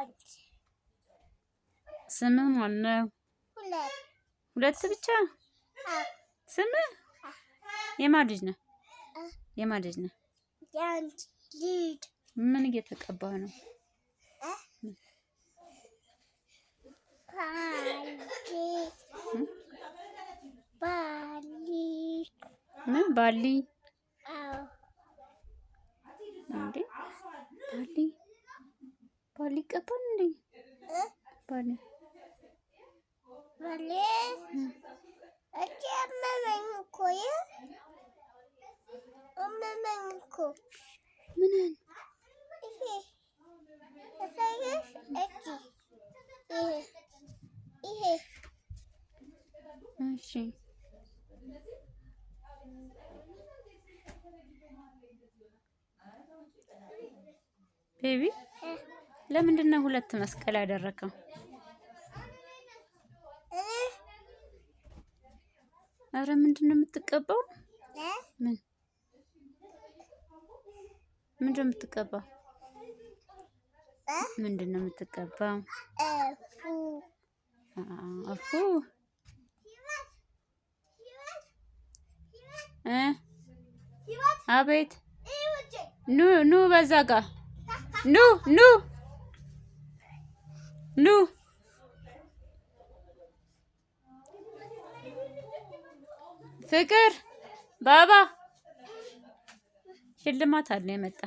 አንድ ስምህ ማን ነው? ሁለት ሁለት ብቻ ስም የማን ልጅ ነህ? የማን ልጅ ነህ? የአንድ ልጅ ምን እየተቀባህ ነው? ምን ባሊ እንዴ ባሊ Parli kapandı. Parli. Parli. Açayım mı ben koyu? Ama ben koyu. Menen. İyi. Efendim? Eki. İyi. İyi. Şey. Baby? ለምንድን ነው ሁለት መስቀል ያደረከው? አረ ምንድን ነው የምትቀባው? ምን ምንድን ነው የምትቀባው? ምንድን ነው የምትቀባው? እፉ አቤት ኑ ኑ በዛ ጋ ኑ ኑ ኑ ፍቅር ባባ ሽልማት አለ የመጣ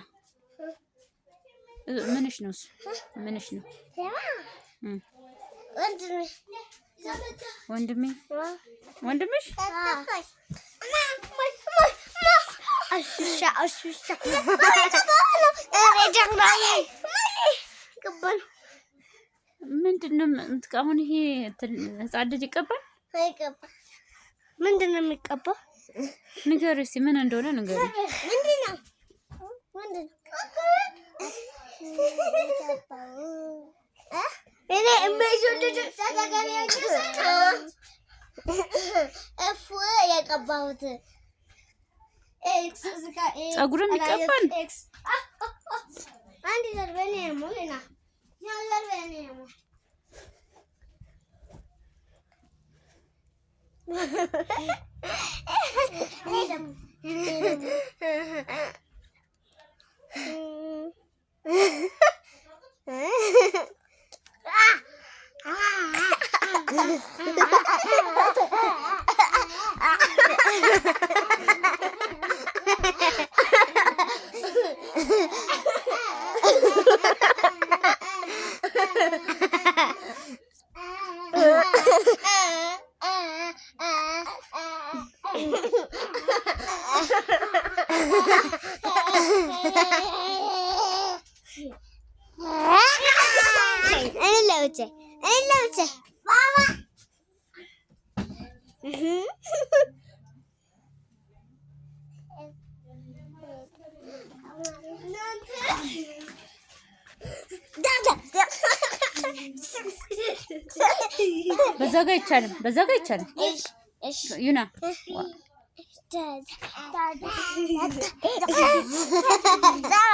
ምንሽ ነው? ምንሽ ነው? ወንድሜ ወንድምሽ አሁን ይሄ ህፃን ልጅ ይቀባል አይቀባም? ምንድን ነው የሚቀባው? ንገር እስቲ ምን እንደሆነ ንገር። ጸጉርም ይቀባል። አንድ ዘርበኔ ነው ሞና ያ ዘርበኔ ነው Benim. Benim. Anne lauce. Anne lauce. Baba. በዛጋ ይቻልም። በዛጋ ይቻልም። ዩና dead.